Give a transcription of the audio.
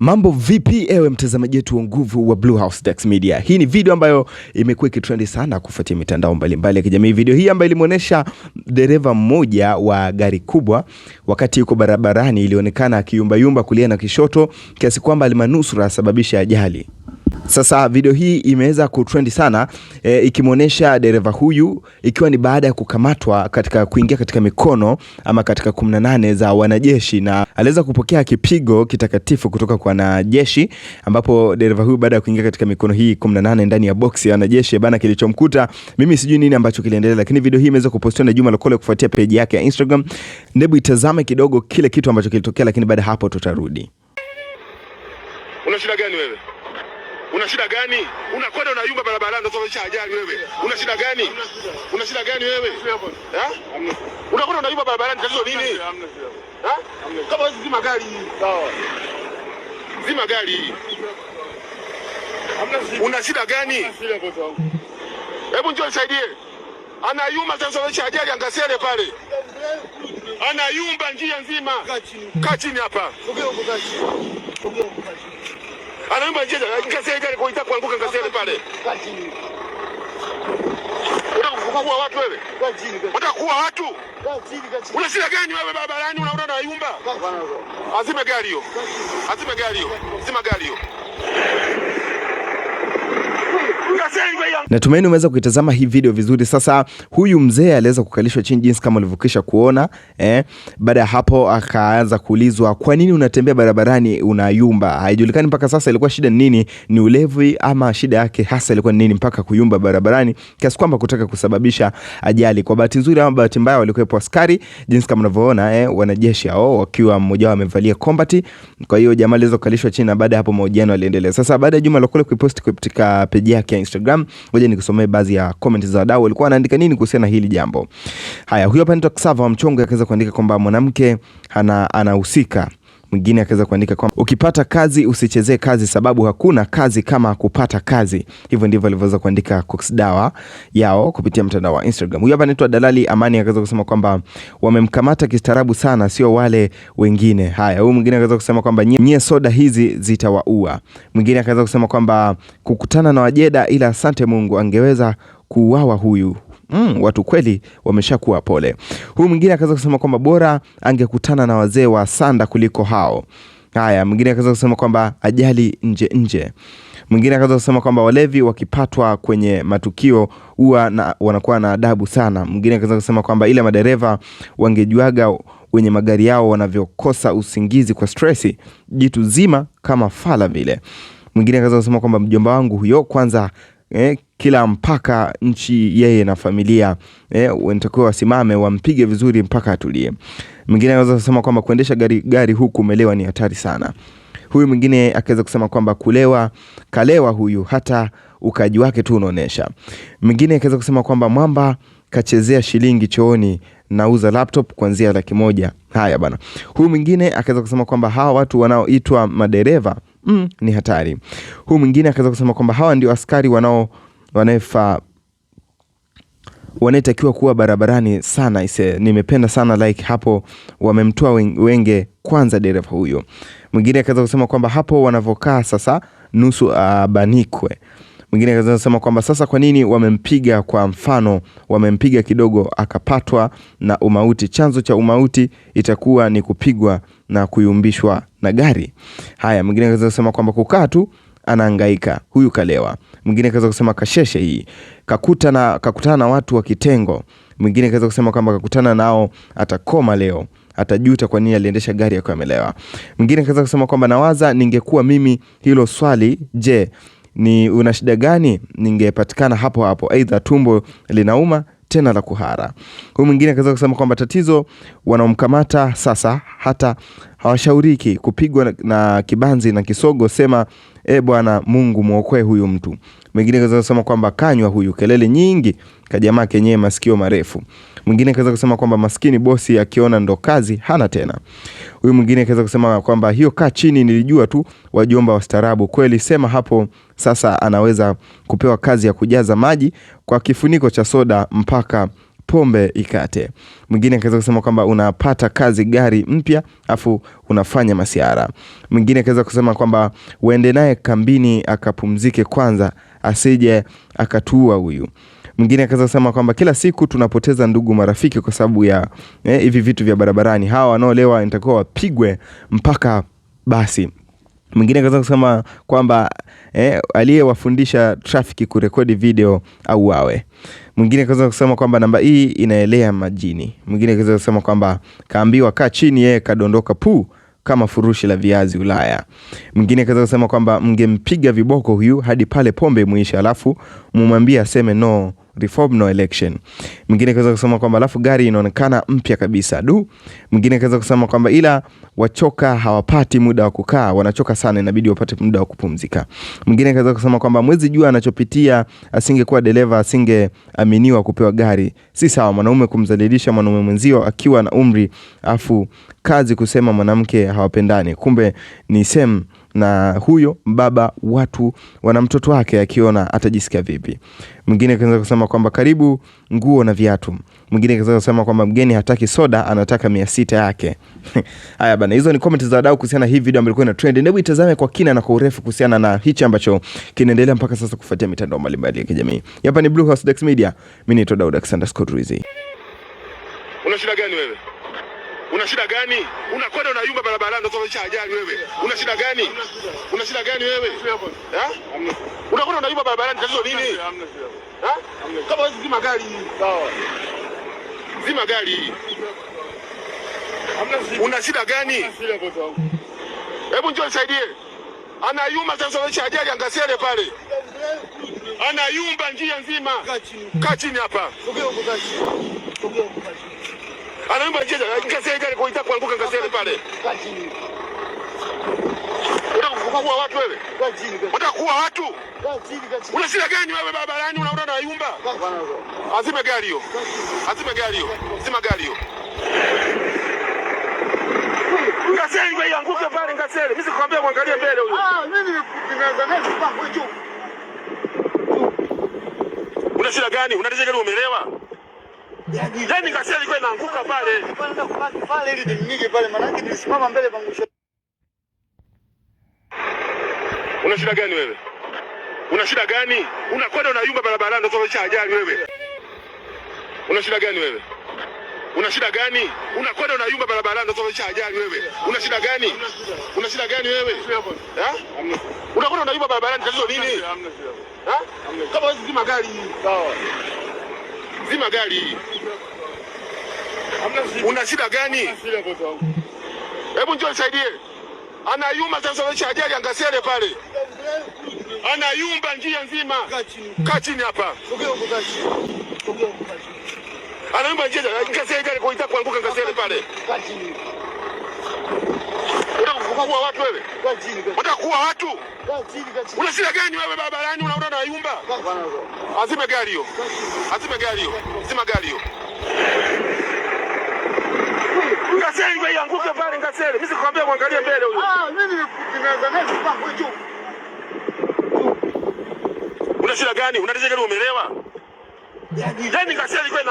Mambo vipi ewe mtazamaji wetu wa nguvu wa Blue House Dax Media. Hii ni video ambayo imekuwa ikitrendi sana kufuatia mitandao mbalimbali ya kijamii. Video hii ambayo ilimuonesha dereva mmoja wa gari kubwa wakati yuko barabarani, ilionekana akiyumbayumba kulia na kishoto kiasi kwamba alimanusura asababisha ajali. Sasa video hii imeweza ku sana e, ikimwonyesha dereva huyu ikiwa ni baada ya kukamatwa katika kuingia katika mikono ama katika 18 za wanajeshi, na aliweza kupokea kipigo kitakatifu kutoka kwa wanajeshi, ambapo dereva huyu baada ya kuingia katika mikono hii 18 ndani ya box ya wanajeshi bana, kilichomkuta mimi sijui nini ambacho kiliendelea, lakini video hii imeweza kupostiwa na Juma Lokole kufuatia peji yake ya Instagram. Ndebu itazame kidogo kile kitu ambacho kilitokea, lakini baada hapo tutarudi. Una shida gani wewe? Una shida gani? Unakwenda unayumba barabarani ndio sababisha ajali wewe. Una shida gani? Una shida gani wewe? Ha? Unakwenda unayumba barabarani tatizo nini? Ha? Kama wewe zima gari. Sawa. Zima gari. Una shida gani? Hebu njoo nisaidie. Anayumba sasa sababisha ajali angasere pale. Anayumba njia nzima. Kaa chini hapa. Sogea huko kaa chini. Sogea huko kaa chini anaimba cheza kasia ile alikoita kuanguka kasia ile pale. Unataka kuua watu wewe? Unataka kuua watu? Una shida gani wewe barabarani unaona na yumba? Azime gari hiyo. Azime gari hiyo. Zima gari hiyo. Natumaini umeweza kuitazama hii video vizuri. Sasa huyu mzee aliweza kukalishwa chini jinsi kama ulivyokisha kuona eh. Baada ya hapo akaanza kuulizwa kwa nini unatembea barabarani unayumba. Haijulikani mpaka sasa ilikuwa shida nini, ni ulevi ama shida yake hasa ilikuwa nini mpaka kuyumba barabarani kiasi kwamba kutaka kusababisha ajali. Kwa bahati nzuri ama bahati mbaya, walikuwepo askari jinsi kama unavyoona eh, wanajeshi hao wakiwa mmoja wao amevalia combat. Kwa hiyo jamaa aliweza kukalishwa chini na baada ya hapo mahojiano aliendelea. Sasa baada ya Juma Lokole kuiposti katika peji yake ya Instagram Instagram. Ngoja nikusomee baadhi ya comment za wadau walikuwa wanaandika nini kuhusiana na hili jambo. Haya, huyo hapa anaitwa Xavier wa Mchongo akaweza kuandika kwamba mwanamke anahusika Mwingine akaweza kuandika kwamba ukipata kazi usichezee kazi, sababu hakuna kazi kama kupata kazi. Hivyo ndivyo alivyoweza kuandika Cox Dawa yao kupitia mtandao wa Instagram. Huyu hapa anaitwa Dalali Amani akaweza kusema kwamba wamemkamata kistaarabu sana, sio wale wengine. Haya, huyu mwingine akaweza kusema kwamba nyie soda hizi zitawaua. Mwingine akaweza kusema kwamba kukutana na wajeda, ila asante Mungu, angeweza kuuawa huyu. Mm, watu kweli wameshakuwa pole. Huyu mwingine akaweza kusema kwamba bora angekutana na wazee wa sanda kuliko hao. Haya, mwingine akaweza kusema kwamba ajali nje nje. Mwingine akaweza kusema kwamba walevi wakipatwa kwenye matukio huwa na, wanakuwa na adabu sana. Mwingine akaweza kusema kwamba ile madereva wangejuaga wenye magari yao wanavyokosa usingizi kwa stresi, jitu zima kama fala vile. Mwingine akaweza kusema kwamba mjomba wangu huyo kwanza eh, kila mpaka nchi yeye na familia eh, wanatakiwa wasimame wampige vizuri mpaka atulie. Mwingine anaweza kusema kwamba kuendesha gari, gari huku umelewa ni hatari sana. Huyu mwingine akaweza kusema kwamba kulewa kalewa huyu hata ukaji wake tu unaonesha. Mwingine akaweza kusema kwamba mwamba kachezea shilingi chooni, nauza laptop kuanzia laki moja. Haya bana. Huyu mwingine akaweza kusema kwamba hawa watu wanaoitwa madereva mm, ni hatari. Huu mwingine akaweza kusema kwamba hawa ndio askari wanao wanaefaa wanaetakiwa kuwa barabarani sana ise. Nimependa sana like hapo wamemtoa Wenge kwanza dereva huyo. Mwingine akaweza kusema kwamba hapo wanavokaa sasa nusu abanikwe. Mwingine anasema kwamba sasa kwa nini wamempiga kwa mfano, wamempiga kidogo akapatwa na umauti. Chanzo cha umauti itakuwa ni kupigwa na kuyumbishwa na gari. Haya, mwingine anasema kwamba kukaa tu anaangaika huyu kalewa. Mwingine kaweza kusema kasheshe hii kakuta na, kakutana na watu wa kitengo. Mwingine kaweza kusema kwamba kakutana nao atakoma leo, atajuta kwa nini aliendesha gari akiwa amelewa. Mwingine kaweza kusema kwamba nawaza, ningekuwa mimi hilo swali, je, ni una shida gani, ningepatikana hapo hapo, aidha tumbo linauma tena la kuhara. Huyu mwingine akaweza kusema kwamba tatizo wanaomkamata sasa hata hawashauriki kupigwa na kibanzi na kisogo, sema e Bwana Mungu mwokoe huyu mtu. Mwingine kaweza kusema kwamba kanywa huyu, kelele nyingi, kajamaa kenyewe masikio marefu. Mwingine kaweza kusema kwamba maskini bosi akiona ndo kazi hana tena. Huyu mwingine kaweza kusema kwamba hiyo kaa chini, nilijua tu wajomba wastaarabu kweli. Sema hapo sasa anaweza kupewa kazi ya kujaza maji kwa kifuniko cha soda mpaka pombe ikate. Mwingine akaweza kusema kwamba unapata kazi gari mpya afu unafanya masiara. Mwingine akaweza kusema kwamba uende naye kambini akapumzike kwanza, asije akatua huyu mwingine akaweza kusema kwamba kila siku tunapoteza ndugu, marafiki kwa sababu ya eh, hivi vitu vya barabarani. Hawa wanaolewa nitakuwa wapigwe mpaka basi. Mwingine akaanza kusema kwamba eh, aliyewafundisha trafiki kurekodi video au wawe. Mwingine akaanza kusema kwamba namba hii inaelea majini. Mwingine akaanza kusema kwamba kaambiwa kaa chini, yeye kadondoka puu kama furushi la viazi Ulaya. Mwingine akaweza kusema kwamba mngempiga viboko huyu hadi pale pombe mwisha, alafu mumwambie aseme no reform no election. Mwingine kaweza kusema kwamba alafu gari inaonekana mpya kabisa du. Mwingine kaweza kusema kwamba ila wachoka, hawapati muda wa kukaa, wanachoka sana, inabidi wapate muda wa kupumzika. Mwingine kaweza kusema kwamba mwezi jua anachopitia, asingekuwa dereva asingeaminiwa kupewa gari. Si sawa mwanaume kumdhalilisha mwanaume mwenzio akiwa na umri, afu kazi kusema mwanamke hawapendani, kumbe ni same na huyo baba watu wana mtoto wake akiona atajisikia vipi. Mwingine akaanza kusema kwamba karibu nguo na viatu. Mwingine akaanza kusema kwamba mgeni hataki soda, anataka mia sita yake. Haya bana, hizo ni comment za wadau kuhusiana hii video ambayo ilikuwa ina trend. Hebu itazame kwa kina na kwa urefu kuhusiana na hichi ambacho kinaendelea mpaka sasa kufuatia mitandao mbalimbali ya kijamii. Hapa ni Blue House Media, mimi ni Daud Alexander Scott Una shida gani wewe? Una shida gani? Unakwenda unayumba barabarani unasababisha ajali wewe. Una shida gani? Una shida gani wewe? Ha? Unakwenda unayumba barabarani tatizo nini? Ha? Kama wewe zima gari. Sawa. Zima gari. Una shida gani? Hebu njoo nisaidie. Anayumba sasa wacha ajali angasere pale. Anayumba njia nzima. Kaa chini hapa. Sogea huko kaa chini. huko kaa anaimba jeza kasele jale kuita kuanguka kasele pale. Unataka kuua watu wewe? Unataka kuua watu? Una shida gani wewe barabarani unaona na yumba? Azime gari hiyo. Azime gari hiyo. Azime gari hiyo. Kasele wewe ianguke pale kasele. Mimi sikwambia kuangalia mbele huyo. Ah, mimi ninazamia kwa huyo. Una shida gani? Unataka gani umelewa? Yaani kasi alikuwa inaanguka pale. kubaki pale ili pale maana yake nilisimama mbele Una shida gani wewe? Una shida gani? Unakwenda unayumba barabarani ndio sababisha ajali wewe. Una shida gani wewe? Una shida gani? Unakwenda unayumba barabarani ndio sababisha ajali wewe. Una shida gani? Una shida gani wewe? Ha? Unakwenda unayumba barabarani tatizo nini? Ha? Kama wewe zima gari. Sawa zima gari hii. Una shida gani? Hebu njoo nisaidie. Anayumba sasa sasa ajali angasele pale. Anayumba njia nzima. Kaa chini hapa. Anayumba njia ngasele gari kuanguka ngasele pale. Utakuwa watu wewe? Utakuwa watu? Una shida gani wewe barabarani unaona na yumba? Azime gari hiyo. Azime gari hiyo. Azime gari hiyo. Ngasele ndio yanguke pale ngasele. Mimi sikwambia muangalie mbele huyo. Ah, mimi ninaweza naye kupanga juu. Una shida gani? Unataka gani umelewa? Yaani, yaani ngasele kwa